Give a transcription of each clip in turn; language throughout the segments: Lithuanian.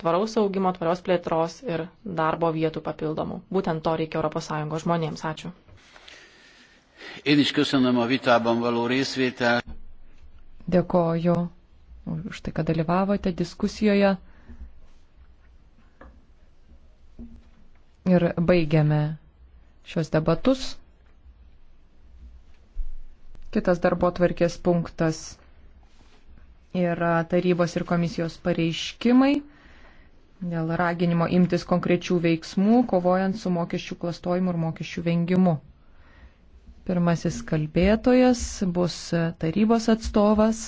tvaraus augimo, tvarios plėtros ir darbo vietų papildomų. Būtent to reikia ES žmonėms. Ačiū. Én is köszönöm a vitában való részvételt. Dėkoju už tai, kad dalyvavote diskusijoje. Ir baigiame šios debatus. Kitas darbo tvarkės punktas yra tarybos ir komisijos pareiškimai dėl raginimo imtis konkrečių veiksmų, kovojant su mokesčių klastojimu ir mokesčių vengimu. Pirmasis kalbėtojas bus tarybos atstovas,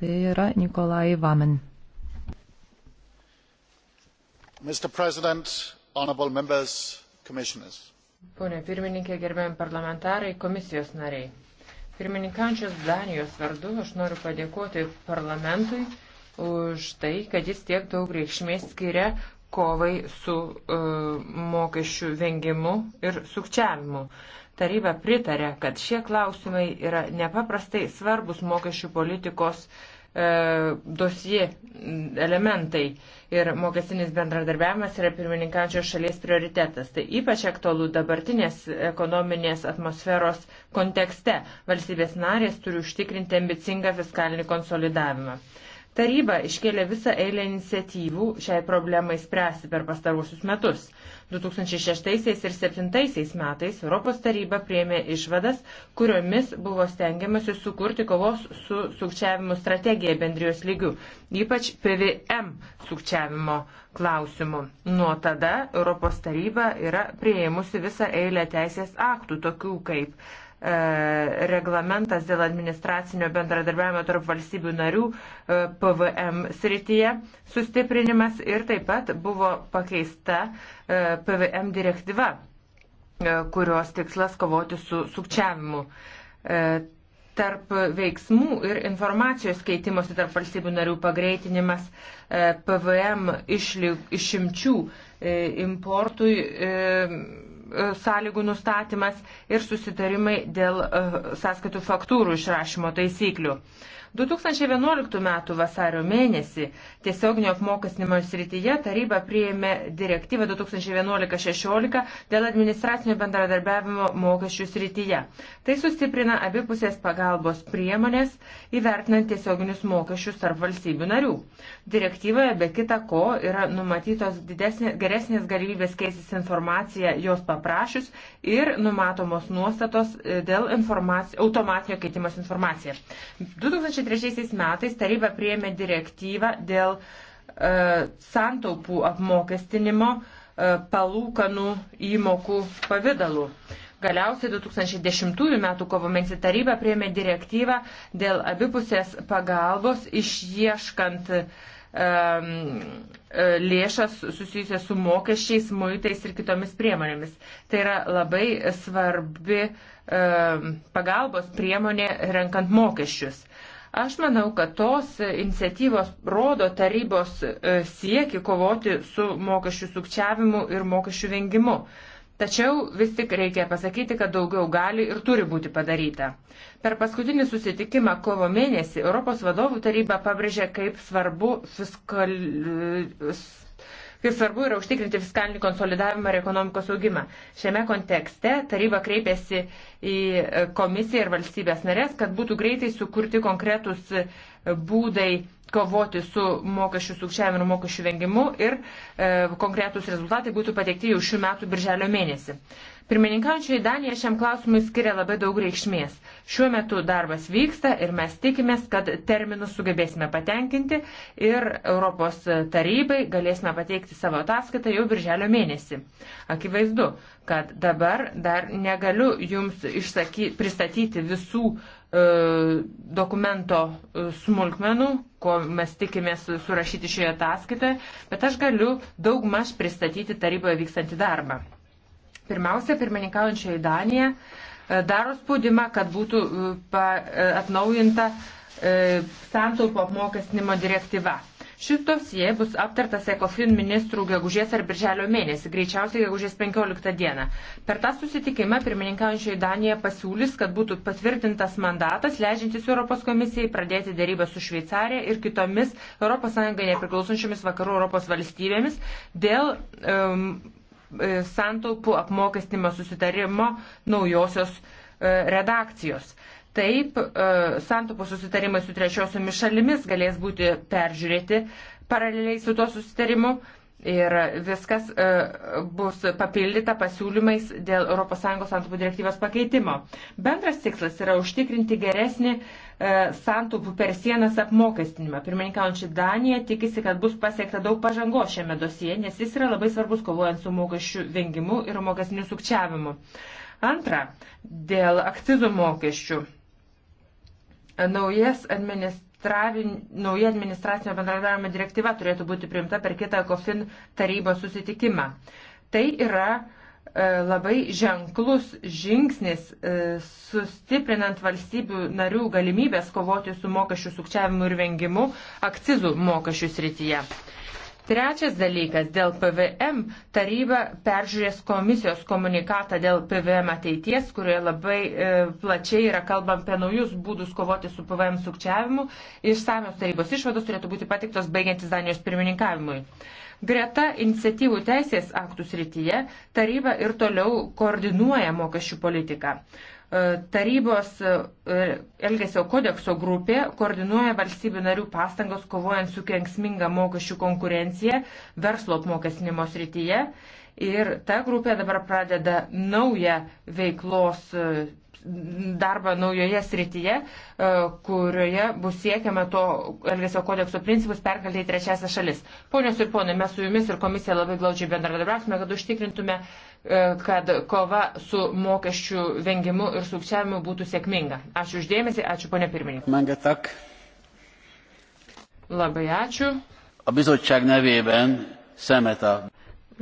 tai yra Nikolai Vamen. Pone pirmininkė, gerbėjami parlamentarai, komisijos nariai. Pirmininkančios Danijos vardu aš noriu padėkoti parlamentui už tai, kad jis tiek daug reikšmės skiria kovai su uh, mokesčių vengimu ir sukčiavimu. Taryba pritarė, kad šie klausimai yra nepaprastai svarbus mokesčių politikos uh, dosie elementai ir mokestinis bendradarbiavimas yra pirmininkančios šalies prioritetas. Tai ypač aktualu dabartinės ekonominės atmosferos kontekste. Valstybės narės turi užtikrinti ambicingą fiskalinį konsolidavimą. Uh, Taryba iškėlė visą eilę iniciatyvų šiai problemai spręsti per pastaruosius metus. 2006 ir 2007 metais Europos taryba priemė išvadas, kuriomis buvo stengiamasi sukurti kovos su sukčiavimu strategiją bendrijos lygių, ypač PVM sukčiavimo klausimu. Nuo tada Europos taryba yra prieimusi visą eilę teisės aktų, tokių kaip E, reglamentas dėl administracinio bendradarbiavimo tarp valstybių narių e, PVM srityje sustiprinimas ir taip pat buvo pakeista e, PVM direktyva, kurios tikslas kovoti su sukčiavimu. Tarp veiksmų ir informacijos keitimosi tarp valstybių narių pagreitinimas PVM išimčių importui E, sąlygų nustatymas ir susitarimai dėl e, sąskaitų faktūrų išrašymo taisyklių. 2011 m. vasario mėnesį tiesioginio apmokestinimo srityje taryba priėmė direktyvą 2011-16 dėl administracinio bendradarbiavimo mokesčių srityje. Tai sustiprina abipusės pagalbos priemonės įvertinant tiesioginius mokesčius tarp valstybių narių. Direktyvoje be kita ko yra numatytos didesnė, geresnės galimybės keisis informacija jos paprašius ir numatomos nuostatos e, dėl automatinio keitimas informacija. 2000 2003 metais taryba prieėmė direktyvą dėl e, santaupų apmokestinimo e, palūkanų įmokų pavydalu. Galiausiai 2010 m. kovo mėnesį taryba prieėmė direktyvą dėl abipusės pagalbos išieškant e, e, lėšas susijusias su mokesčiais, muitais ir kitomis priemonėmis. Tai yra labai svarbi e, pagalbos priemonė renkant mokesčius. Aš manau, kad tos iniciatyvos rodo tarybos e, sieki kovoti su mokesčių sukčiavimu ir mokesčių vengimu. Tačiau vis tik reikia pasakyti, kad daugiau gali ir turi būti padaryta. Per paskutinį susitikimą kovo mėnesį Europos vadovų taryba pabrėžė, kaip svarbu fiskal... E, kaip svarbu yra užtikrinti fiskalinį konsolidavimą ir ekonomikos augimą. Šiame kontekste taryba kreipėsi į komisiją ir valstybės narės, kad būtų greitai sukurti konkretus būdai kovoti su mokesčių sukčiavimu ir mokesčių vengimu ir e, konkretūs rezultatai būtų pateikti jau šių metų birželio mėnesį. Pirmininkaučiai Danija šiam klausimui skiria labai daug reikšmės. Šiuo metu darbas vyksta ir mes tikimės, kad terminus sugebėsime patenkinti ir Europos tarybai galėsime pateikti savo ataskaitą jau birželio mėnesį. Akivaizdu, kad dabar dar negaliu jums išsaky, pristatyti visų uh, E, dokumento smulkmenų, ko mes tikimės surašyti šioje ataskaitoje, bet aš galiu daugmaž pristatyti taryboje vykstantį darbą. Pirmiausia, pirmininkaujančioji Danija e, daro spaudimą, kad būtų e, atnaujinta santaupų apmokestinimo direktyva. Šis dosie bus aptartas ECOFIN ministrų gegužės ar birželio mėnesį, greičiausiai gegužės 15 dieną. Per tą susitikimą pirmininkaujančioji Danija pasiūlys, kad būtų patvirtintas mandatas, leidžiantis Europos komisijai pradėti dėrybę su Šveicarija ir kitomis ES nepriklausančiomis vakarų Europos valstybėmis dėl um, santaupų apmokestinimo susitarimo naujosios e, redakcijos. Taip, e, santopos susitarimai su trečiosiomis šalimis galės būti peržiūrėti paraleliai su tuo susitarimu ir viskas e, bus papildyta pasiūlymais dėl ES santopų direktyvos pakeitimo. Bendras tikslas yra užtikrinti geresnį e, santopų per sienas apmokestinimą. Pirmininkaujančiai Danija tikisi, kad bus pasiekta daug pažangos šiame dosije, nes jis yra labai svarbus kovojant su mokesčių vengimu ir mokesniu sukčiavimu. Antra, dėl akcizų mokesčių Naujas administracijos nauja administracinio bendradarbiavimo direktyva turėtų būti priimta per kitą COFIN tarybos susitikimą. Tai yra e, labai ženklus žingsnis e, sustiprinant valstybių narių galimybės kovoti su mokesčių sukčiavimu ir vengimu akcizų mokesčių srityje. Trečias dalykas - dėl PVM taryba peržiūrės komisijos komunikatą dėl PVM ateities, kurioje labai e, plačiai yra kalbam apie naujus būdus kovoti su PVM sukčiavimu. Išsamios tarybos išvados turėtų būti patiktos baigiantis Danijos pirmininkavimui. Greta iniciatyvų teisės aktų srityje taryba ir toliau koordinuoja mokesčių politiką. Tarybos e, Elgesio kodekso grupė koordinuoja valstybių narių pastangos kovojant su kenksminga mokesčių konkurencija verslo apmokestinimo srityje ir ta grupė dabar pradeda naują veiklos e, darbą naujoje srityje, e, kurioje bus siekiama to Elgesio kodekso principus perkelti į trečiasią šalis. Ponios ir ponai, mes su jumis ir komisija labai glaudžiai bendradarbiausime, kad užtikrintume, e, kad kova su mokesčių vengimu ir sukčiavimu būtų sėkminga. Ačiū uždėmesi, ačiū ponė pirmininkė. Labai ačiū. A bizottság nevében szemet a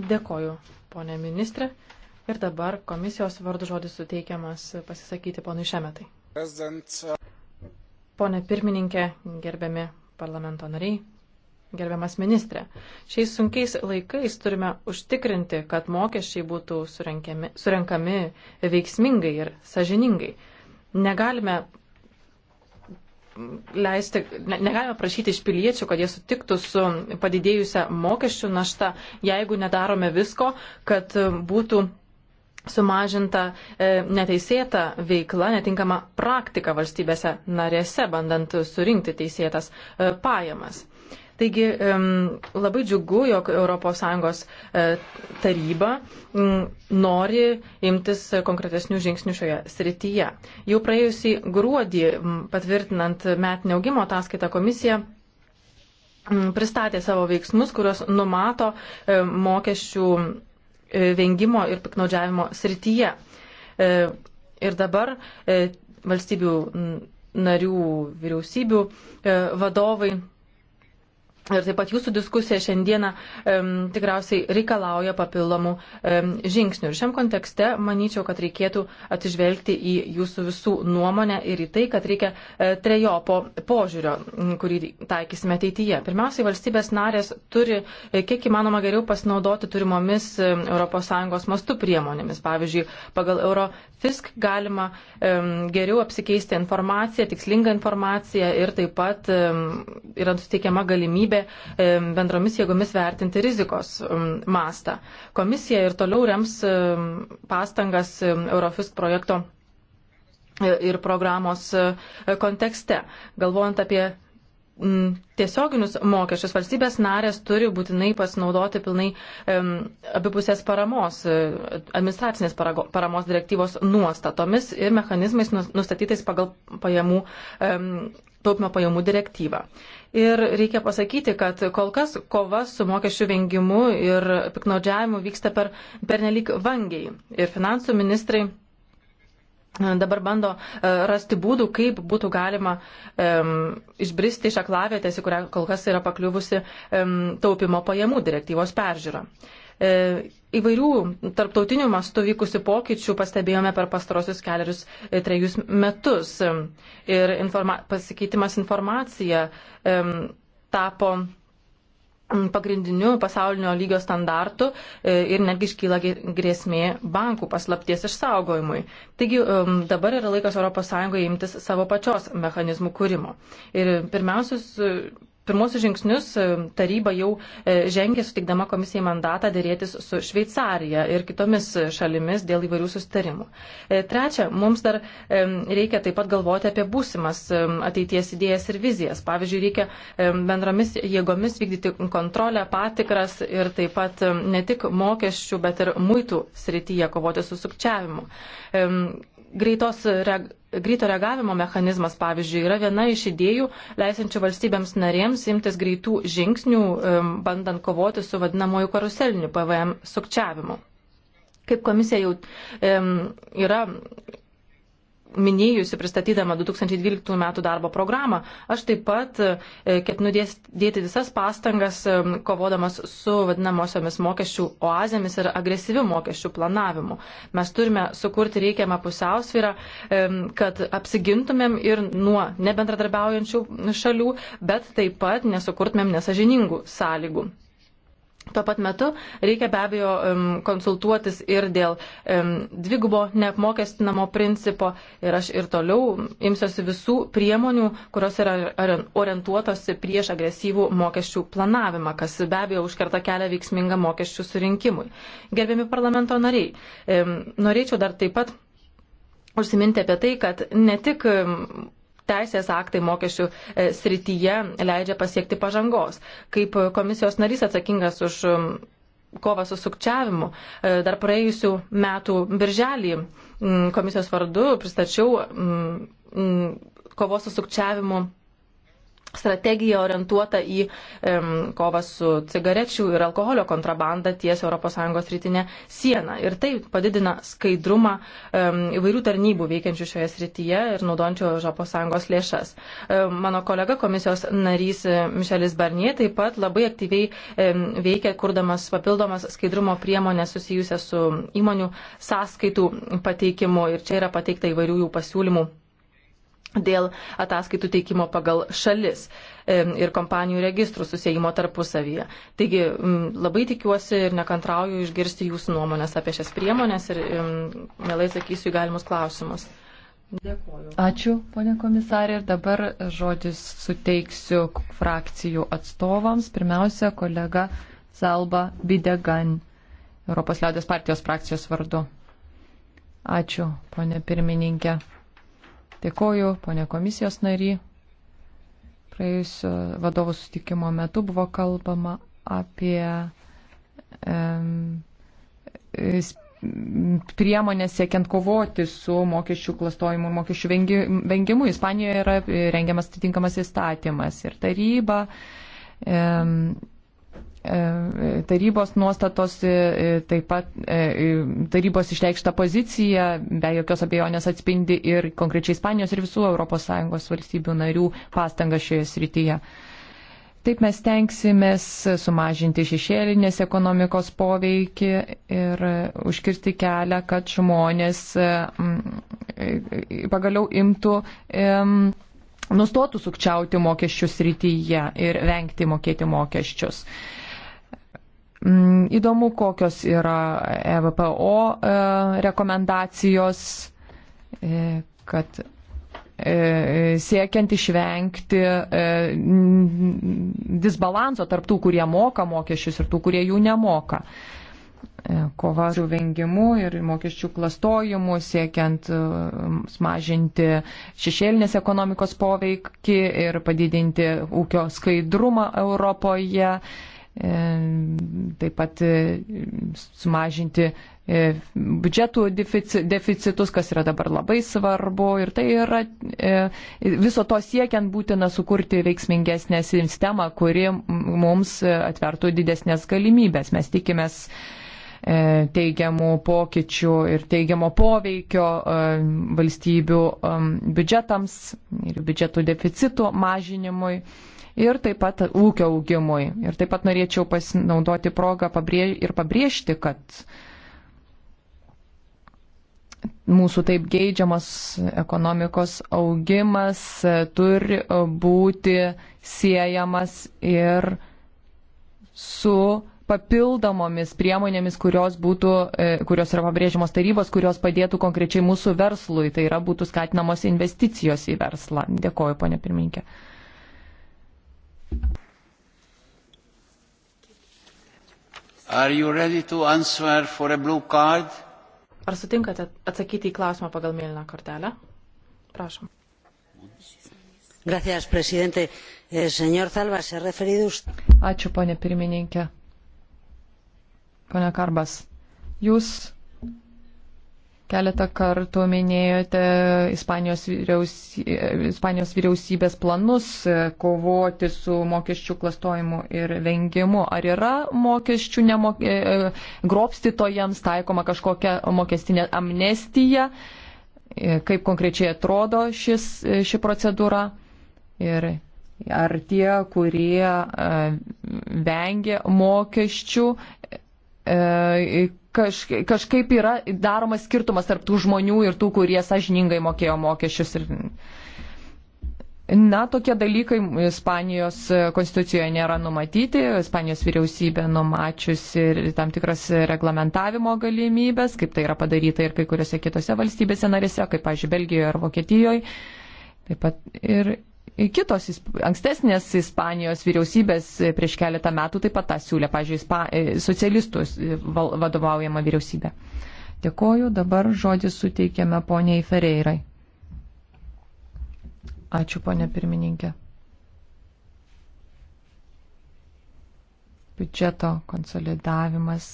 Dėkoju, ponė ministrė. Ir dabar komisijos vardu žodis suteikiamas pasisakyti ponui Šemetai. Pone pirmininkė, gerbiami parlamento nariai, gerbiamas ministrė, šiais sunkiais laikais turime užtikrinti, kad mokesčiai būtų surenkami, surenkami veiksmingai ir sažiningai. Negalime leisti, ne, negalime prašyti iš piliečių, kad jie sutiktų su padidėjusią mokesčių naštą, jeigu nedarome visko, kad būtų sumažinta e, neteisėta veikla, netinkama praktika valstybėse narėse, bandant surinkti teisėtas e, pajamas. Taigi labai džiugu, jog ES e, taryba nori imtis konkretesnių žingsnių šioje srityje. Jau praėjusį gruodį patvirtinant metinę augimo ataskaitą komisiją pristatė savo veiksmus, kurios numato e, mokesčių e, vengimo ir piknaudžiavimo srityje. Ir dabar valstybių narių vyriausybių vadovai Ir taip pat jūsų diskusija šiandieną um, tikriausiai reikalauja papildomų um, žingsnių. Ir šiam kontekste manyčiau, kad reikėtų atsižvelgti į jūsų visų nuomonę ir į tai, kad reikia uh, trejopo požiūrio, kurį taikysime ateityje. Pirmiausiai, valstybės narės turi uh, kiek įmanoma geriau pasinaudoti turimomis uh, ES mastų priemonėmis. Pavyzdžiui, pagal Eurofisk galima um, geriau apsikeisti informaciją, tikslingą informaciją ir taip pat um, yra suteikiama galimybė galimybė bendromis jėgomis vertinti rizikos mastą. Komisija ir toliau rems pastangas Eurofisk projekto e, ir programos e, kontekste. Galvojant apie tiesioginius mokesčius valstybės narės turi būtinai pasinaudoti pilnai um, abipusės paramos, e, administracinės paramos direktyvos nuostatomis ir mechanizmais nustatytais pagal pajamų, um, taupimo pajamų direktyvą. Ir reikia pasakyti, kad kol kas kova su mokesčių vengimu ir piknaudžiavimu vyksta per, per nelik vangiai. Ir finansų ministrai e, dabar bando e, rasti būdų, kaip būtų galima um, išbristi iš aklavietės, į kurią kol kas yra pakliuvusi um, taupimo pajamų direktyvos peržiūra. E, įvairių tarptautinių mastų vykusių pokyčių pastebėjome per pastarosius keliarius e, trejus metus. Ir informa pasikeitimas informacija tapo pagrindiniu pasaulinio lygio standartu e, ir netgi iškyla grėsmė bankų paslapties išsaugojimui. Taigi dabar yra laikas ES imtis savo pačios mechanizmų kūrimo. Ir pirmiausias pirmosius žingsnius e, taryba jau e, žengė sutikdama komisijai mandatą dėrėtis su Šveicarija ir kitomis šalimis dėl įvairių sustarimų. E, trečia, mums dar reikia taip pat galvoti apie būsimas ateities idėjas ir vizijas. Pavyzdžiui, reikia bendromis jėgomis vykdyti kontrolę, patikras ir taip pat ne tik mokesčių, bet ir muitų srityje kovoti su sukčiavimu greitos reag greito reagavimo mechanizmas, pavyzdžiui, yra viena iš idėjų, leisančių valstybėms narėms imtis greitų žingsnių, bandant kovoti su vadinamoju karuseliniu PVM sukčiavimu. Kaip komisija jau yra minėjusi, pristatydama 2012 metų darbo programą, aš taip pat e, ketinu dėti visas pastangas, e, kovodamas su vadinamosiomis mokesčių oazėmis ir agresyviu mokesčių planavimu. Mes turime sukurti reikiamą pusiausvyrą, e, kad apsigintumėm ir nuo nebendradarbiaujančių šalių, bet taip pat nesukurtumėm nesažiningų sąlygų. Tuo pat metu reikia be abejo konsultuotis ir dėl dvigubo neapmokestinamo principo ir aš ir toliau imsiuosi visų priemonių, kurios yra orientuotos prieš agresyvų mokesčių planavimą, kas be abejo užkerta kelią veiksmingą mokesčių surinkimui. Gerbiami parlamento nariai, norėčiau dar taip pat užsiminti apie tai, kad ne tik teisės aktai mokesčių e, srityje leidžia pasiekti pažangos. Kaip komisijos narys atsakingas už kovą su sukčiavimu, e, dar praėjusių metų birželį komisijos vardu pristačiau kovos su sukčiavimu strategija orientuota į um, kovą su cigarečių ir alkoholio kontrabanda ties ES rytinė siena. Ir tai padidina skaidrumą um, įvairių tarnybų veikiančių šioje srityje ir naudojančių ES lėšas. Um, mano kolega komisijos narys e, Mišelis Barnie taip pat labai aktyviai um, veikia, kurdamas papildomas skaidrumo priemonės susijusias su įmonių sąskaitų pateikimu. Ir čia yra pateikta įvairių jų pasiūlymų dėl ataskaitų teikimo pagal šalis ir kompanijų registrų susijimo tarpusavyje. Taigi labai tikiuosi ir nekantrauju išgirsti jūsų nuomonės apie šias priemonės ir mielai sakysiu į galimus klausimus. Dėkuoju. Ačiū, ponė komisarė. Ir dabar žodis suteiksiu frakcijų atstovams. Pirmiausia, kolega Zalba Bidegan, Europos liaudės partijos frakcijos vardu. Ačiū, ponė pirmininkė. Dėkoju, ponė komisijos nary. Praėjusio vadovų sustikimo metu buvo kalbama apie um, priemonės siekiant kovoti su mokesčių klastojimu ir mokesčių vengimu. Ispanijoje yra rengiamas atitinkamas įstatymas ir taryba um, E, tarybos nuostatos, e, e, taip pat tarybos išreikšta pozicija, be jokios abejonės atspindi ir konkrečiai Ispanijos ir visų ES valstybių narių pastangą šioje srityje. Taip mes tenksimės sumažinti šešėlinės ekonomikos poveikį ir užkirsti kelią, kad žmonės pagaliau imtų, nustotų sukčiauti mokesčių srityje ir vengti mokėti mokesčius. Mm, įdomu, kokios yra EVPO e, rekomendacijos, e, kad e, siekiant išvengti disbalanso tarptų, kurie moka mokesčius ir tų, kurie jų nemoka kova su vengimu ir mokesčių klastojimu, siekiant smažinti šešėlinės ekonomikos poveikį ir padidinti ūkio skaidrumą Europoje, taip pat e, sumažinti e, biudžetų deficitus, kas yra dabar labai svarbu. Ir tai yra e, viso to siekiant būtina sukurti veiksmingesnę sistemą, kuri mums atvertų didesnės galimybės. Mes tikimės teigiamų pokyčių ir teigiamo poveikio valstybių biudžetams ir biudžetų deficitų mažinimui ir taip pat ūkio augimui. Ir taip pat norėčiau pasinaudoti progą pabrėž ir pabrėžti, kad mūsų taip geidžiamas ekonomikos augimas turi būti siejamas ir su papildomomis priemonėmis, kurios, būtų, e, kurios yra pabrėžiamos tarybos, kurios padėtų konkrečiai mūsų verslui, tai yra būtų skatinamos investicijos į verslą. Dėkoju, ponė pirminkė. Ar sutinkate atsakyti į klausimą pagal mėlyną kortelę? Prašom. Gracias, presidente. Eh, señor Zalba, se ha referido usted. Ačiū, ponė pirmininkė. Pone Karbas, jūs Keletą kartų minėjote Ispanijos, vyriausy... Ispanijos vyriausybės planus e, kovoti su mokesčių klastojimu ir vengimu. Ar yra mokesčių nemok... E, e, grobstytojams taikoma kažkokia mokestinė amnestija? Kaip konkrečiai atrodo šis, ši procedūra? Ir ar tie, kurie vengia mokesčių, kažkaip, kažkaip yra daromas skirtumas tarp tų žmonių ir tų, kurie sažiningai mokėjo mokesčius. Ir... Na, tokie dalykai Ispanijos konstitucijoje nėra numatyti. Ispanijos vyriausybė numačiusi ir tam tikras reglamentavimo galimybės, kaip tai yra padaryta ir kai kuriuose kitose valstybėse narėse, kaip, pažiūrėjau, Belgijoje ar Vokietijoje. Taip pat ir Kitos ankstesnės Ispanijos vyriausybės prieš keletą metų taip pat tą siūlė, pažiūrėjau, socialistų vadovaujama vyriausybė. Dėkoju, dabar žodį suteikiame poniai Fereirai. Ačiū, ponė pirmininkė. Biudžeto konsolidavimas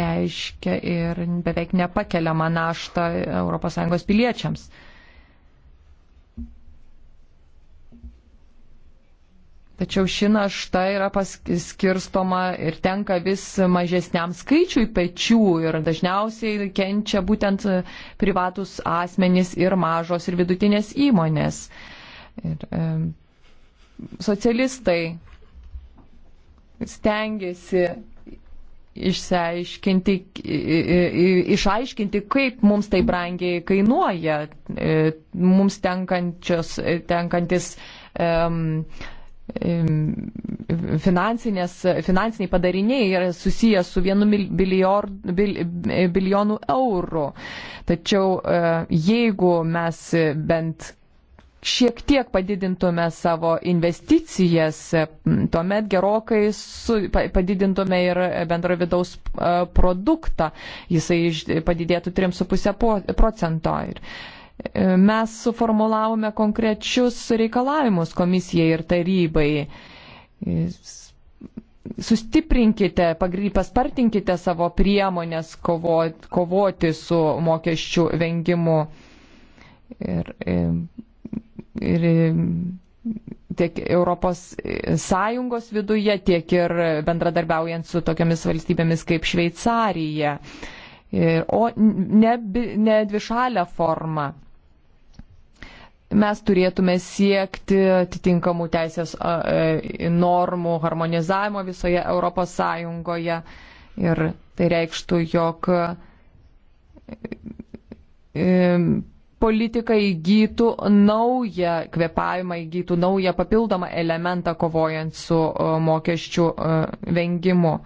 reiškia ir beveik nepakeliamą naštą ES piliečiams. Tačiau ši našta yra paskirstoma ir tenka vis mažesniam skaičiui pečių ir dažniausiai kenčia būtent privatus asmenys ir mažos ir vidutinės įmonės. Ir, e, socialistai stengiasi išsiaiškinti, išaiškinti, kaip mums tai brangiai kainuoja, e, mums e, tenkantis. Um, e, finansiniai padariniai yra susijęs su vienu bilior, bil, e, bilijonu eurų. Tačiau e, jeigu mes bent šiek tiek padidintume savo investicijas, tuomet gerokai su, padidintume ir bendro vidaus e, produktą, jisai padidėtų 3,5 procento. Ir Mes suformulavome konkrečius reikalavimus komisijai ir tarybai. Sustiprinkite, paspartinkite savo priemonės kovoti, kovoti su mokesčių vengimu. Ir, ir, tiek Europos Sąjungos viduje, tiek ir bendradarbiaujant su tokiamis valstybėmis kaip Šveicarija, o ne, ne dvišalę formą mes turėtume siekti atitinkamų teisės e, normų harmonizavimo visoje Europos Sąjungoje. Ir tai reikštų, jog e, e, politika įgytų naują kvepavimą, įgytų naują papildomą elementą kovojant su mokesčių vengimu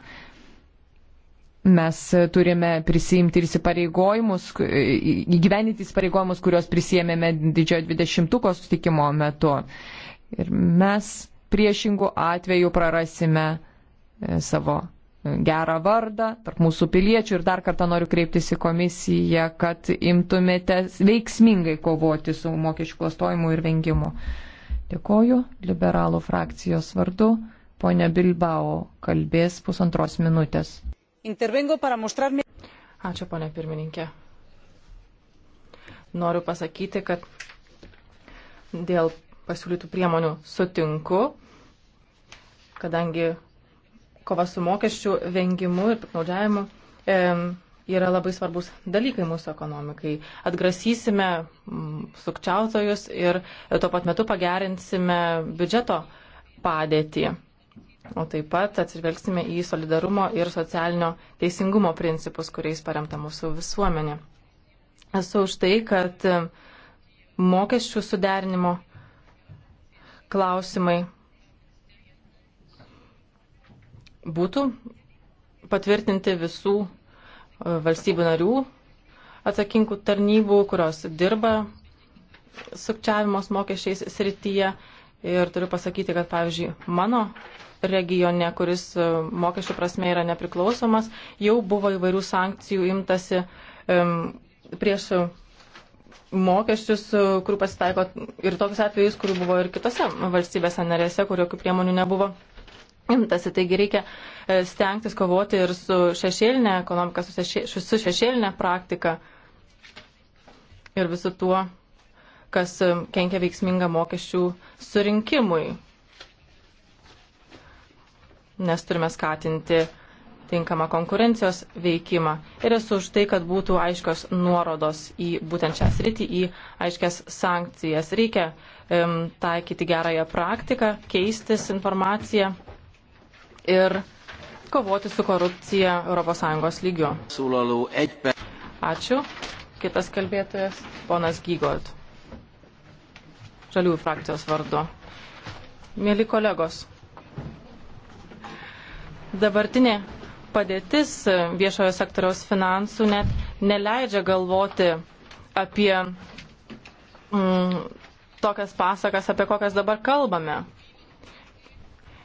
mes turime prisimti ir įsipareigojimus, įgyveninti įsipareigojimus, kuriuos prisėmėme didžiojo 20-ko sustikimo metu. Ir mes priešingų atvejų prarasime e, savo gerą vardą tarp mūsų piliečių ir dar kartą noriu kreiptis į komisiją, kad imtumėte veiksmingai kovoti su mokesčių klastojimu ir vengimu. Dėkoju liberalų frakcijos vardu. Pone Bilbao kalbės pusantros minutės. Intervengo para mostrarme. Ačiū, ponė pirmininkė. Noriu pasakyti, kad dėl pasiūlytų priemonių sutinku, kadangi kova su mokesčių vengimu ir piknaudžiavimu e, yra labai svarbus dalykai mūsų ekonomikai. Atgrasysime sukčiautojus ir tuo pat metu pagerinsime biudžeto padėtį. O taip pat atsižvelgsime į solidarumo ir socialinio teisingumo principus, kuriais paremta mūsų visuomenė. Esu už tai, kad e, mokesčių suderinimo klausimai būtų patvirtinti visų e, valstybių narių atsakingų tarnybų, kurios dirba sukčiavimos mokesčiais srityje. Ir turiu pasakyti, kad pavyzdžiui, mano regione, kuris e, mokesčių prasme yra nepriklausomas, jau buvo įvairių sankcijų imtasi um, prieš e, mokesčius, e, kurių pasitaiko ir tokius atvejus, kurių buvo ir kitose valstybėse narėse, kur jokių priemonių nebuvo imtasi. Taigi reikia stengtis kovoti ir su šešėlinė ekonomika, su, šešė, su šešėlinė praktika ir visu tuo, kas kenkia veiksmingą mokesčių surinkimui nes turime skatinti tinkamą konkurencijos veikimą. Ir esu už tai, kad būtų aiškios nuorodos į būtent šią sritį, į aiškias sankcijas. Reikia um, taikyti gerąją praktiką, keistis informaciją ir kovoti su korupcija ES lygiu. Ačiū. Kitas kalbėtojas, ponas Gygold. Žaliųjų frakcijos vardu. Mėly kolegos, dabartinė padėtis e, viešojo sektoriaus finansų net neleidžia galvoti apie mm, tokias pasakas, apie kokias dabar kalbame.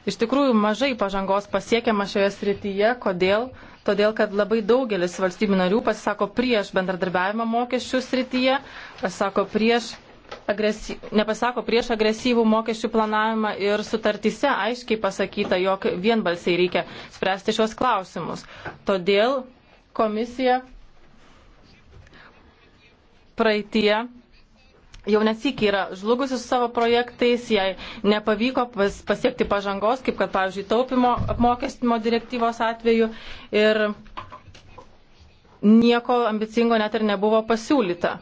Iš tikrųjų, mažai pažangos pasiekiama šioje srityje. Kodėl? Todėl, kad labai daugelis valstybių narių pasisako prieš bendradarbiavimą mokesčių srityje, pasisako prieš agresi... nepasako prieš agresyvų mokesčių planavimą ir sutartyse aiškiai pasakyta, jog vienbalsiai reikia spręsti šios klausimus. Todėl komisija praeitie jau nesik yra žlugusi su savo projektais, jai nepavyko pas, pasiekti pažangos, kaip kad, pavyzdžiui, taupimo apmokestimo direktyvos atveju ir nieko ambicingo net ir nebuvo pasiūlyta.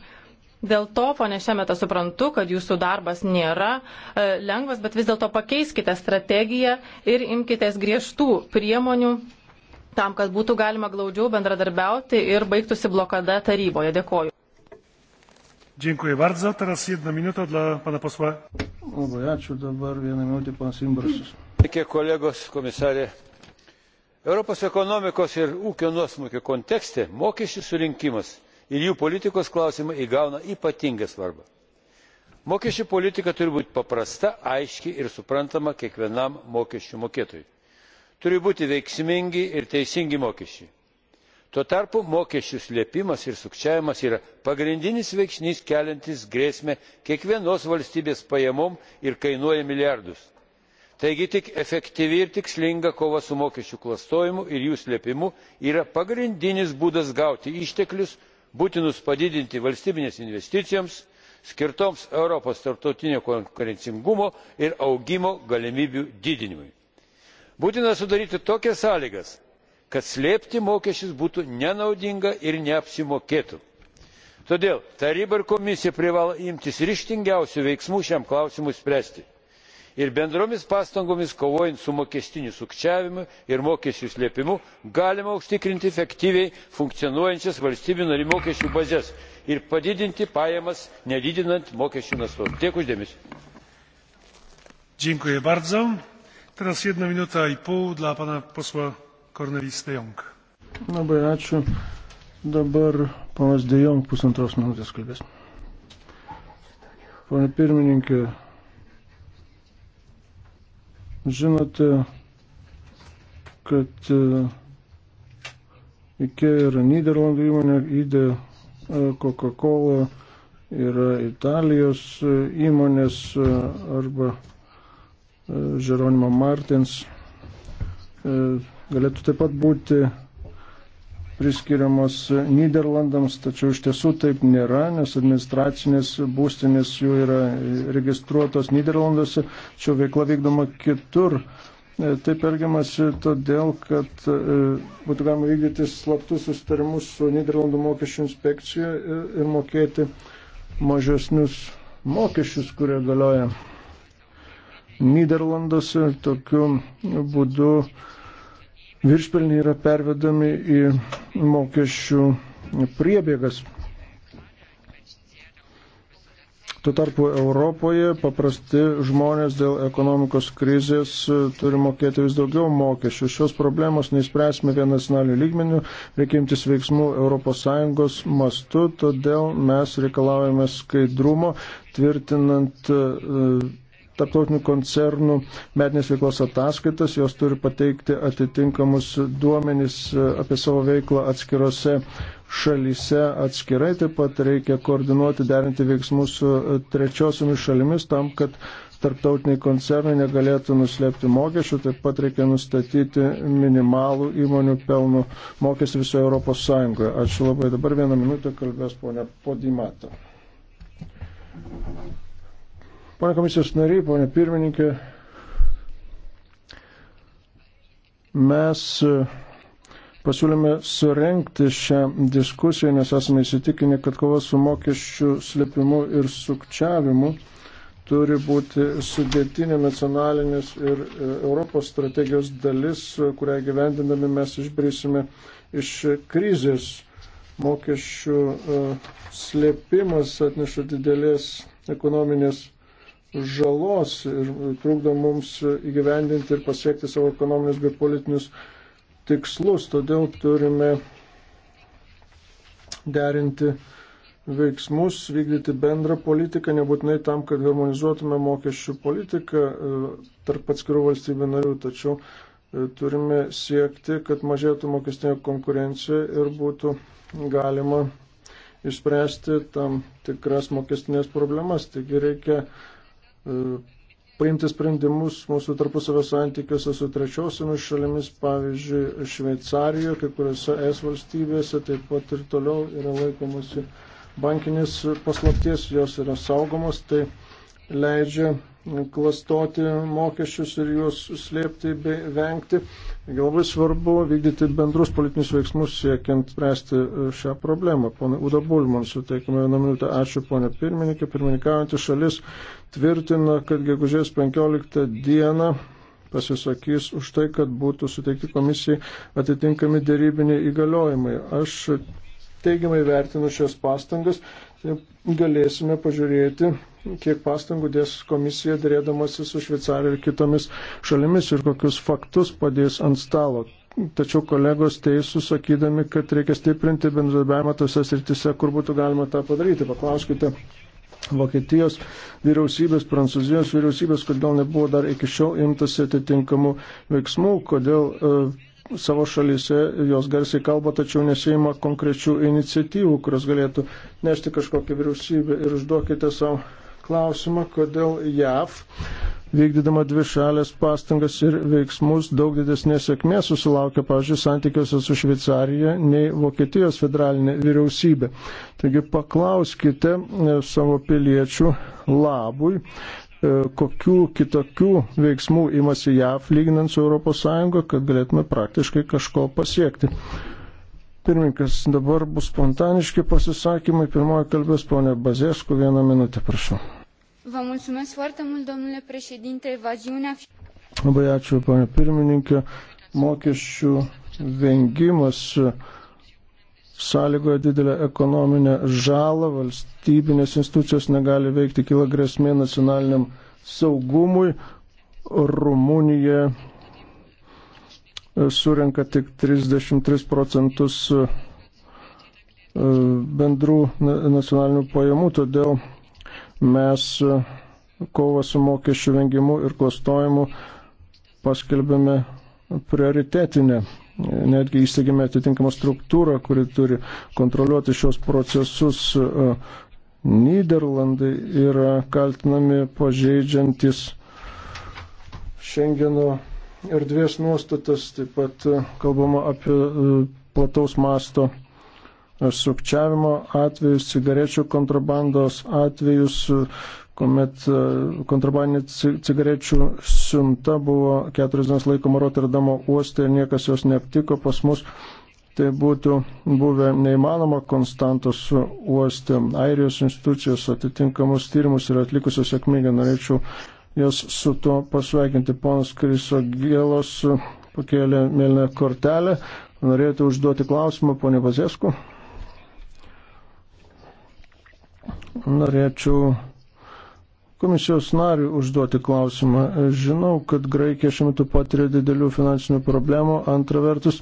Dėl to, ponė Šemeta, suprantu, kad jūsų darbas nėra e, lengvas, bet vis dėlto pakeiskite strategiją ir imkitės griežtų priemonių tam, kad būtų galima glaudžiau bendradarbiauti ir baigtųsi blokada taryboje. Dėkoju. Dziękuję bardzo. Teraz jedna minuta dla pana posła. Labai ačiū dabar vieną minutę panas Imbrasas. Sveiki kolegos komisarė. Europos ekonomikos ir ūkio nuosmukio kontekste mokesčių surinkimas ir jų politikos klausimai įgauna ypatingą svarbą. mokesčių politika turi būti paprasta aiški ir suprantama kiekvienam mokesčių mokėtojui. turi būti veiksmingi ir teisingi mokesčiai. tuo tarpu mokesčių slėpimas ir sukčiavimas yra pagrindinis veiksnys keliantis grėsmę kiekvienos valstybės pajamoms ir kainuoja milijardus. taigi tik efektyvi ir tikslinga kova su mokesčių klastojimu ir jų slėpimu yra pagrindinis būdas gauti išteklius būtinus padidinti valstybinėms investicijoms skirtoms europos tarptautinio konkurencingumo ir augimo galimybių didinimui. būtina sudaryti tokias sąlygas kad slėpti mokesčius būtų nenaudinga ir neapsimokėtų. todėl taryba ir komisija privalo imtis ryžtingiausių veiksmų šiam klausimui spręsti ir bendromis pastangomis kovojant su mokestiniu sukčiavimu ir mokesčių slėpimu galima užtikrinti efektyviai funkcionuojančias valstybių narių mokesčių bazes ir padidinti pajamas nedidinant mokesčių naštos. Dabar ponas De Jong pusantros minutės kalbės. Pone pirmininkė, Žinote, kad e, IKEA yra Niderlandų įmonė, IDE e, Coca-Cola yra Italijos e, įmonės arba Žeronimo Martins galėtų taip pat būti priskiriamos Niderlandams, tačiau iš tiesų taip nėra, nes administracinės būstinės jų yra registruotos Niderlanduose, tačiau veikla vykdoma kitur. E, taip elgiamasi todėl, kad e, būtų galima vykdyti slaptus sustarimus su Niderlandų mokesčių inspekcija e, ir mokėti mažesnius mokesčius, kurie galioja Niderlanduose. Tokiu būdu viršpelniai yra pervedami į mokesčių priebėgas. Tuo tarpu Europoje paprasti žmonės dėl ekonomikos krizės turi mokėti vis daugiau mokesčių. Šios problemos neįspręsime vien nacionalinių lygmenių, reikia imtis veiksmų ES mastu, todėl mes reikalaujame skaidrumo, tvirtinant tarptautinių koncernų metinės veiklos ataskaitas, jos turi pateikti atitinkamus duomenys e, apie savo veiklą atskirose šalyse atskirai, taip pat reikia koordinuoti, derinti veiksmus su e, trečiosiomis šalimis tam, kad tarptautiniai koncernai negalėtų nuslėpti mokesčių, taip pat reikia nustatyti minimalų įmonių pelnų mokestį visoje Europos Sąjungoje. Ačiū labai. Dabar vieną minutę kalbės ponia Podimata. Pone komisijos nariai, pone pirmininkė, mes e, pasiūlėme surenkti šią diskusiją, nes esame įsitikinę, kad kova su mokesčių slėpimu ir sukčiavimu turi būti sudėtinė nacionalinės ir e, Europos strategijos dalis, kurią gyvendinami mes išbrysime iš krizės. Mokesčių e, slėpimas atneša didelės ekonominės žalos ir trukdo mums įgyvendinti ir pasiekti savo ekonominius bei politinius tikslus. Todėl turime derinti veiksmus, vykdyti bendrą politiką, nebūtinai tam, kad harmonizuotume mokesčių politiką e, tarp atskirų valstybių narių, tačiau e, turime siekti, kad mažėtų mokestinė konkurencija ir būtų galima išspręsti tam tikras mokestinės problemas. Taigi reikia E, paimti sprendimus mūsų tarpusavio santykiuose su trečiosiomis šalimis, pavyzdžiui, Šveicarijoje, kai kuriuose es valstybėse taip pat ir toliau yra laikomasi bankinės paslapties, jos yra saugomos, tai leidžia klastoti mokesčius ir juos slėpti bei vengti. Labai svarbu vykdyti bendrus politinius veiksmus siekiant spręsti šią problemą. Pone Uda Bulman, suteikime vieną minutę. Ačiū, ponė pirmininkė. Pirmininkaujantį šalis tvirtina, kad gegužės 15 dieną pasisakys už tai, kad būtų suteikti komisijai atitinkami dėrybiniai įgaliojimai. Aš teigiamai vertinu šias pastangas, galėsime pažiūrėti, kiek pastangų dės komisija dėrėdamasi su Šveicarija ir kitomis šalimis ir kokius faktus padės ant stalo. Tačiau kolegos teisūs sakydami, kad reikia stiprinti bendradarbiavimą tose srityse, kur būtų galima tą padaryti. Paklauskite Vokietijos vyriausybės, Prancūzijos vyriausybės, kodėl nebuvo dar iki šiol imtasi atitinkamų veiksmų, kodėl uh, savo šalyse, jos garsiai kalba, tačiau nesima konkrečių iniciatyvų, kurios galėtų nešti kažkokią vyriausybę. Ir užduokite savo klausimą, kodėl JAV, vykdydama dvi šalės pastangas ir veiksmus, daug didesnės sėkmės susilaukia, pavyzdžiui, santykiuose su Šveicarija nei Vokietijos federalinė vyriausybė. Taigi paklauskite savo piliečių labui, E, kokių kitokių veiksmų imasi JAV lyginant su ES, kad galėtume praktiškai kažko pasiekti. Pirmininkas, dabar bus spontaniški pasisakymai. Pirmoji kalbės ponė Bazėsku, vieną minutę prašau. Vă mulțumesc foarte mult, domnule președinte, evaziunea. Labai ačiū, ponė pirmininkė. Mokesčių vengimas. Uh, sąlygoja didelę ekonominę žalą, valstybinės institucijos negali veikti, kyla grėsmė nacionaliniam saugumui. Rumunija e, surenka tik 33 procentus e, bendrų nacionalinių pajamų, todėl mes e, kovą su mokesčių vengimu ir klastojimu paskelbėme prioritetinę netgi įsteigėme atitinkamą struktūrą, kuri turi kontroliuoti šios procesus. E, Niderlandai yra kaltinami pažeidžiantis Šengeno erdvės nuostatas, taip pat e, kalbama apie e, plataus masto sukčiavimo atvejus, cigarečių kontrabandos atvejus, kuomet e, kontrabandinė cigarečių siunta buvo keturias dienas laikoma Rotterdamo uoste ir niekas jos neaptiko pas mus. Tai būtų buvę neįmanoma Konstantos uoste. Airijos institucijos atitinkamus tyrimus yra atlikusios sėkmingai. Norėčiau jas su tuo pasveikinti. Ponas Kriso Gėlos pakėlė mėlyną kortelę. Norėjote užduoti klausimą, ponė Vazėsku? Norėčiau komisijos nariui užduoti klausimą. Žinau, kad Graikija šiuo metu patiria didelių finansinių problemų. Antra vertus,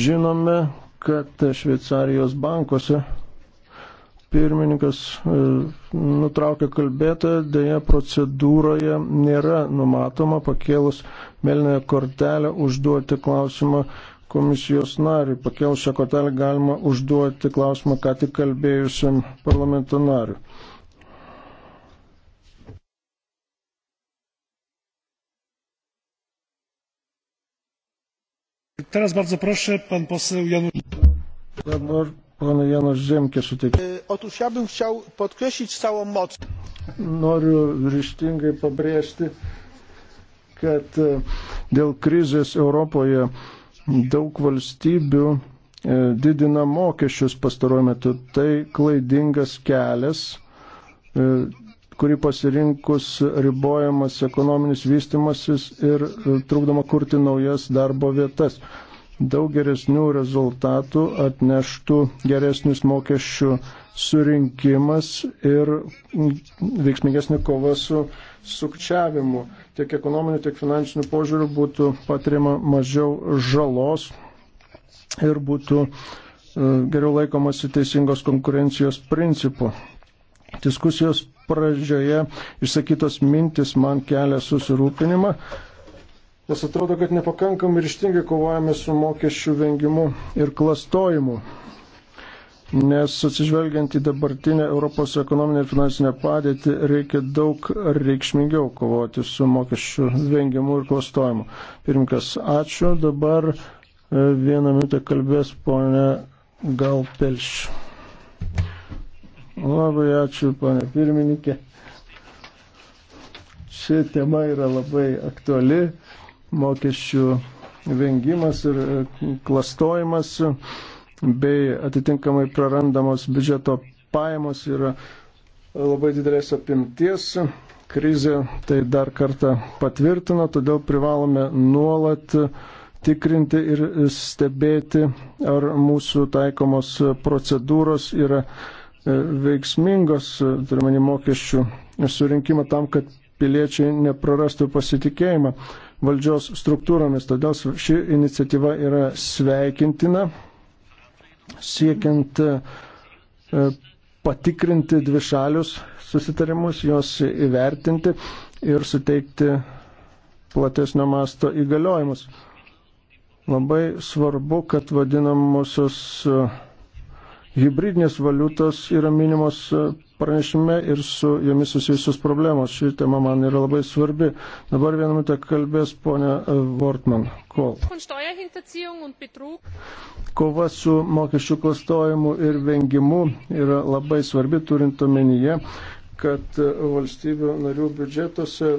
žinome, kad Šveicarijos bankuose pirmininkas e, nutraukė kalbėtoją, dėja procedūroje nėra numatoma pakėlus mėlynąją kortelę užduoti klausimą komisijos nariui. Pakėlus šią kortelę galima užduoti klausimą ką tik kalbėjusiam parlamento nariui. Teraz bardzo proszę, pan poseł Janusz. Dabar panu Janusz Žemkė suteikiu. Otóż ja bym chciał podkreślić całą moc. Noriu ryštingai pabrėžti, kad e, dėl krizės Europoje daug valstybių e, didina mokesčius pastaruoju metu. Tai klaidingas kelias e, kurį pasirinkus ribojamas ekonominis vystimasis ir e, trukdoma kurti naujas darbo vietas. Daug geresnių rezultatų atneštų geresnis mokesčių surinkimas ir veiksmingesnė kova su sukčiavimu. Tiek ekonominiu, tiek finansiniu požiūriu būtų patiriama mažiau žalos ir būtų e, geriau laikomasi teisingos konkurencijos principų. Diskusijos pradžioje išsakytos mintis man kelia susirūpinimą, nes atrodo, kad nepakankamai ryštingai kovojame su mokesčių vengimu ir klastojimu. Nes atsižvelgiant į dabartinę Europos ekonominę ir finansinę padėtį, reikia daug reikšmingiau kovoti su mokesčių vengimu ir klastojimu. Pirmkas, ačiū. Dabar e, vieną minutę kalbės ponė Galpelš. Labai ačiū, pane pirmininkė. Ši tema yra labai aktuali. Mokesčių vengimas ir e, klastojimas bei atitinkamai prarandamos biudžeto pajamos yra labai didelės apimties. Krizė tai dar kartą patvirtino, todėl privalome nuolat tikrinti ir stebėti, ar mūsų taikomos procedūros yra E, veiksmingos, e, turiuomenį mokesčių surinkimą tam, kad piliečiai neprarastų pasitikėjimą valdžios struktūromis. Todėl ši iniciatyva yra sveikintina, siekiant e, patikrinti dvišalius susitarimus, juos įvertinti ir suteikti platesnio masto įgaliojimus. Labai svarbu, kad vadinamosios Hybridinės valiutos yra minimos e, pranešime ir su jomis susijusios problemos. Ši tema man yra labai svarbi. Dabar vieną minutę kalbės ponia e, Wortman. Kol. Kova su mokesčių klastojimu ir vengimu yra labai svarbi turint omenyje, kad e, valstybių narių biudžetuose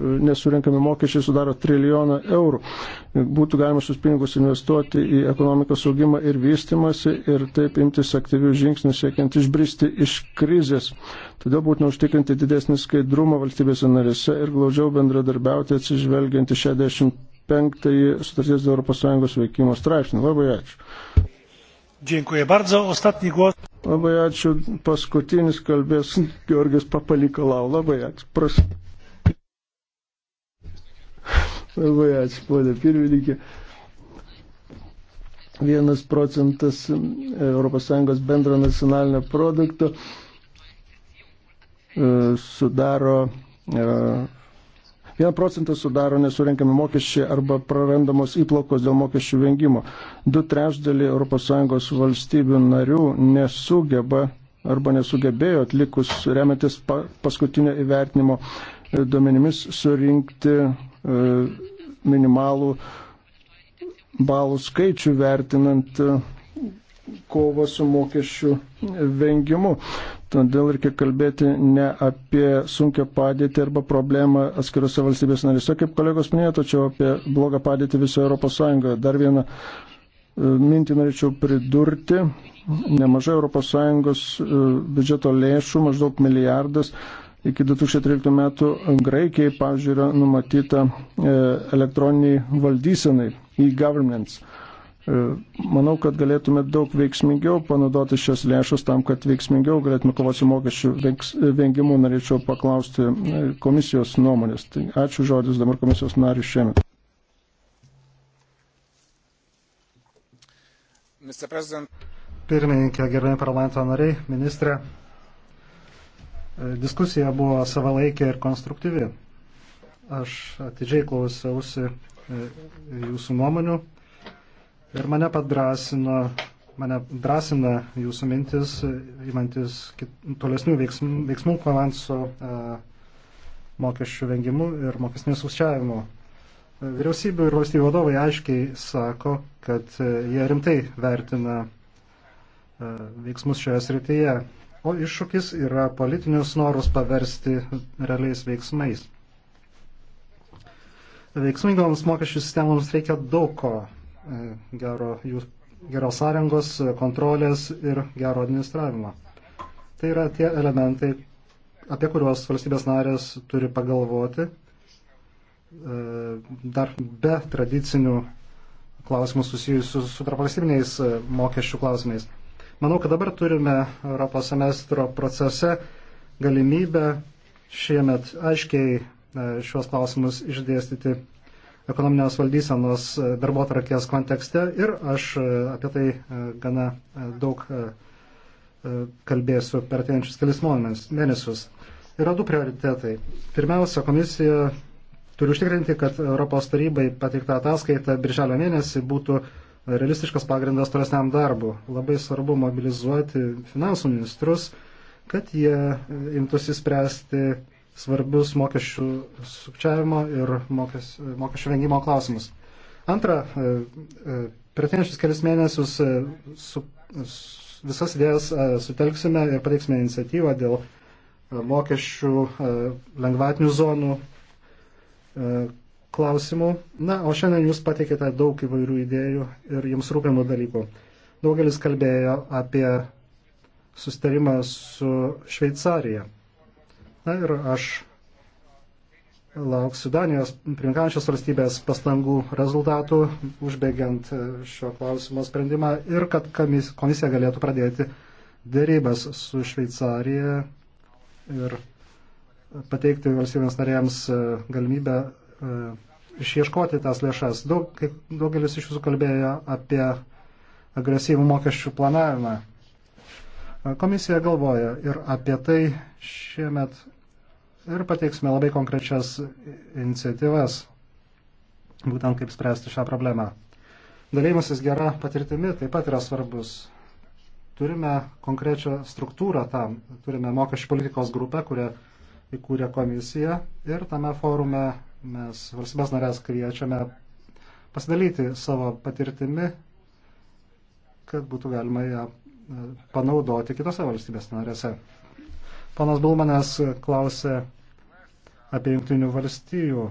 nesurenkami mokesčiai sudaro trilijoną eurų. Būtų galima šios pinigus investuoti į ekonomikos augimą ir vystimasi ir taip imtis aktyvių žingsnių siekiant išbristi iš krizės. Todėl būtina užtikrinti didesnį skaidrumą valstybėse narėse ir glaudžiau bendradarbiauti atsižvelgiant į 65-ąjį sutarties dėl ES veikimo straipsnį. Labai ačiū. Dziękuję bardzo. Ostatni głos. Labai ačiū. Paskutinis kalbės Georgis Papalikolau. Labai ačiū. Prašau. Labai ačiū, ponė pirmininkė. Vienas procentas ES bendro nacionalinio produkto e, sudaro. E, vieną procentą sudaro nesurinkami mokesčiai arba prarandamos įplaukos dėl mokesčių vengimo. Du trešdėlį ES valstybių narių nesugeba arba nesugebėjo atlikus remiantis paskutinio įvertinimo e, duomenimis surinkti E, minimalų balų skaičių vertinant e, kovą su mokesčių vengimu. Todėl reikia kalbėti ne apie sunkę padėtį arba problemą atskirose valstybės narėse, kaip kolegos minėjo, tačiau apie blogą padėtį visoje Europos Sąjungoje. Dar vieną e, mintį norėčiau pridurti. Nemažai Europos Sąjungos biudžeto lėšų, maždaug milijardas, Iki 2013 metų Graikijai, pavyzdžiui, yra numatyta e, elektroniniai valdysenai e-governments. E, manau, kad galėtume daug veiksmingiau panaudoti šios lėšus tam, kad veiksmingiau galėtume kovoti su mokesčių vengimu. Norėčiau paklausti e, komisijos nuomonės. Tai ačiū žodis dabar komisijos nariu šiemet. Pirmininkė, gerbėjai parlamento nariai, ministrė, Diskusija buvo savalaikė ir konstruktyvi. Aš atidžiai klausiausi e, jūsų nuomonių ir mane padrasino, mane drąsina jūsų mintis, įmantis e, tolesnių veiksmų, veiksmų kovant su mokesčių vengimu ir mokesnių sukčiavimu. E, vyriausybių ir valstybių vadovai aiškiai sako, kad jie rimtai vertina veiksmus šioje srityje. O iššūkis yra politinius norus paversti realiais veiksmais. Veiksmingoms mokesčių sistemoms reikia daug ko e, gero, jūs, geros sąrangos, kontrolės ir gero administravimo. Tai yra tie elementai, apie kuriuos valstybės narės turi pagalvoti e, dar be tradicinių klausimų susijusių su tarpvalstybiniais e, mokesčių klausimais. Manau, kad dabar turime Europos semestro procese galimybę šiemet aiškiai e, šios klausimus išdėstyti ekonominės valdysenos e, darbo trakės kontekste ir aš e, apie tai gana daug kalbėsiu per ateinančius kelis mėnesius. Yra du prioritetai. Pirmiausia, komisija turi užtikrinti, kad Europos tarybai pateikta ataskaita birželio mėnesį būtų uh, realistiškas pagrindas tolesniam darbu. Labai svarbu mobilizuoti finansų ministrus, kad jie e, imtųsi spręsti svarbius mokesčių sukčiavimo ir mokes, e, mokesčių vengimo klausimus. Antra, e, per atėjančius kelius mėnesius su, su, visas idėjas sutelksime ir pateiksime iniciatyvą dėl mokesčių lengvatinių zonų klausimų. Na, o šiandien jūs pateikėte daug įvairių idėjų ir jums rūpimų dalykų. Daugelis kalbėjo apie sustarimą su Šveicarija. Na ir aš lauksiu Danijos primkančios valstybės pastangų rezultatų, užbaigiant šio klausimo sprendimą ir kad komisija galėtų pradėti dėrybas su Šveicarija ir pateikti valstybėms narėms galimybę E, išieškoti tas lėšas. Daug, kaip daugelis iš jūsų kalbėjo apie agresyvų mokesčių planavimą. E, komisija galvoja ir apie tai šiemet ir pateiksime labai konkrečias iniciatyvas, būtent kaip spręsti šią problemą. Dalymasis gera patirtimi taip pat yra svarbus. Turime konkrečią struktūrą tam, turime mokesčių politikos grupę, kurią įkūrė komisija ir tame forume mes valstybės narės kviečiame pasidalyti savo patirtimi, kad būtų galima ją e, panaudoti kitose valstybės narėse. Panas Bulmanas klausė apie jungtinių valstijų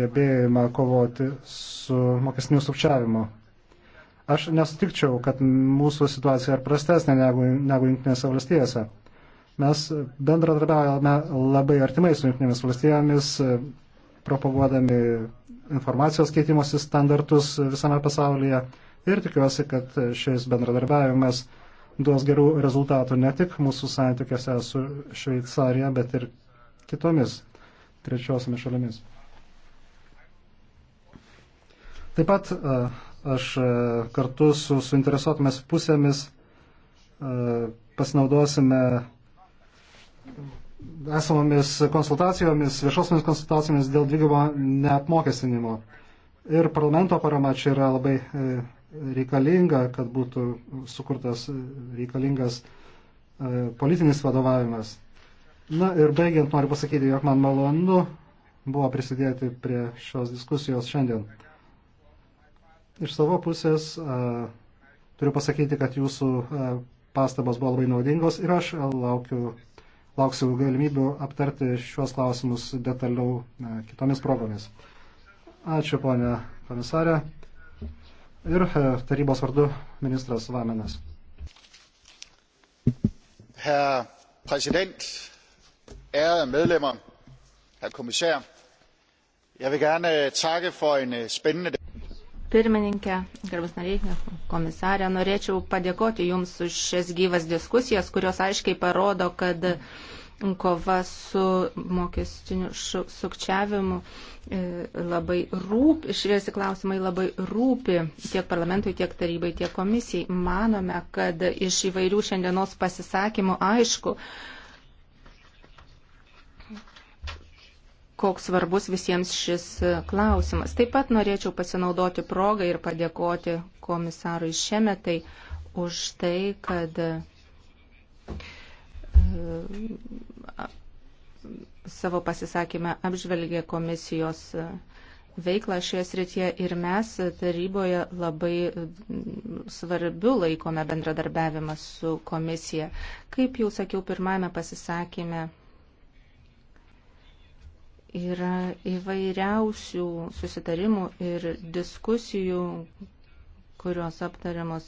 gebėjimą kovoti su mokesniu sukčiavimu. Aš nesutikčiau, kad mūsų situacija yra prastesnė negu, negu jungtinėse valstijose. Mes bendradarbiavome labai artimai su Junktinėmis valstybėmis, propaguodami informacijos keitimosi standartus visame pasaulyje ir tikiuosi, kad šis bendradarbiavimas duos gerų rezultatų ne tik mūsų santykiuose su Šveicarija, bet ir kitomis trečiosiamis šalimis. Taip pat aš kartu su suinteresuotomis pusėmis pasinaudosime esamomis konsultacijomis, viešosiomis konsultacijomis dėl dvigubo neapmokestinimo. Ir parlamento parama čia yra labai e, reikalinga, kad būtų sukurtas reikalingas e, politinis vadovavimas. Na ir baigiant noriu pasakyti, jog man malonu buvo prisidėti prie šios diskusijos šiandien. Iš savo pusės a, e, turiu pasakyti, kad jūsų a, pastabos buvo labai naudingos ir aš laukiu lauksiu galimybių aptarti šiuos klausimus detaliau e, kitomis progomis. Ačiū, ponė komisarė. Ir e, tarybos vardu ministras Vamenas. Herr Präsident, ærede medlemmer, herr kommissær, jeg vil gerne takke for en øh, spændende pirmininkė, garbus nariai, komisarė, norėčiau padėkoti Jums už šias gyvas diskusijas, kurios aiškiai parodo, kad kova su mokestiniu sukčiavimu e, labai rūpi, šviesi klausimai labai rūpi tiek parlamentui, tiek tarybai, tiek komisijai. Manome, kad iš įvairių šiandienos pasisakymų aišku, koks svarbus visiems šis e, klausimas. Taip pat norėčiau pasinaudoti progą ir padėkoti komisarui Šemetai už tai, kad e, savo pasisakymę apžvelgė komisijos e, veiklą šioje srityje ir mes taryboje labai svarbiu laikome bendradarbiavimą su komisija. Kaip jau sakiau pirmame pasisakymė, Yra įvairiausių susitarimų ir diskusijų, kurios aptariamos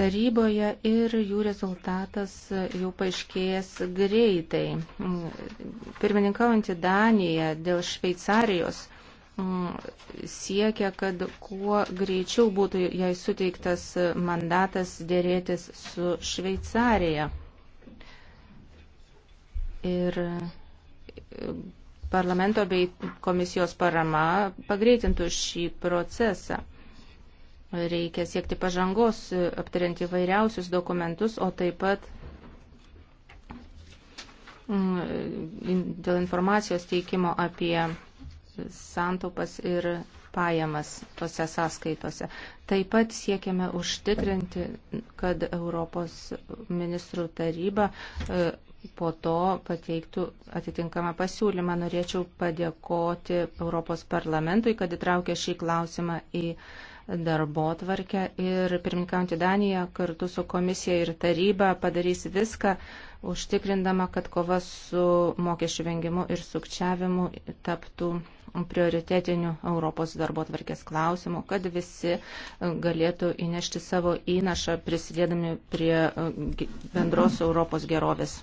taryboje ir jų rezultatas jau paaiškės greitai. Pirmininkaujantį Daniją dėl Šveicarijos mm, siekia, kad kuo greičiau būtų jai suteiktas mandatas dėrėtis su Šveicarija. Ir parlamento bei komisijos parama pagreitintų šį procesą. Reikia siekti pažangos, aptariant įvairiausius dokumentus, o taip pat mm, dėl informacijos teikimo apie santaupas ir pajamas tose sąskaitose. Taip pat siekiame užtikrinti, kad Europos ministrų taryba e, po to pateiktų atitinkamą pasiūlymą. Norėčiau padėkoti Europos parlamentui, kad įtraukė šį klausimą į darbo tvarkę ir pirmininkaujantį Daniją kartu su komisija ir taryba padarys viską, užtikrindama, kad kova su mokesčių vengimu ir sukčiavimu taptų prioritetinių Europos darbo tvarkės klausimų, kad visi e, galėtų įnešti savo įnašą prisidėdami prie e, bendros Europos gerovės.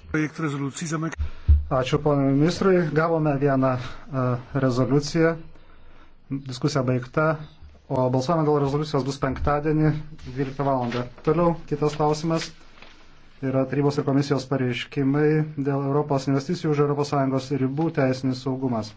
Ačiū ponui ministrui. Gavome vieną e, rezoliuciją. Diskusija baigta. O balsuojama dėl rezoliucijos bus penktadienį 12 val. Toliau kitas klausimas yra tarybos ir komisijos pareiškimai dėl Europos investicijų už ES ribų teisinis saugumas.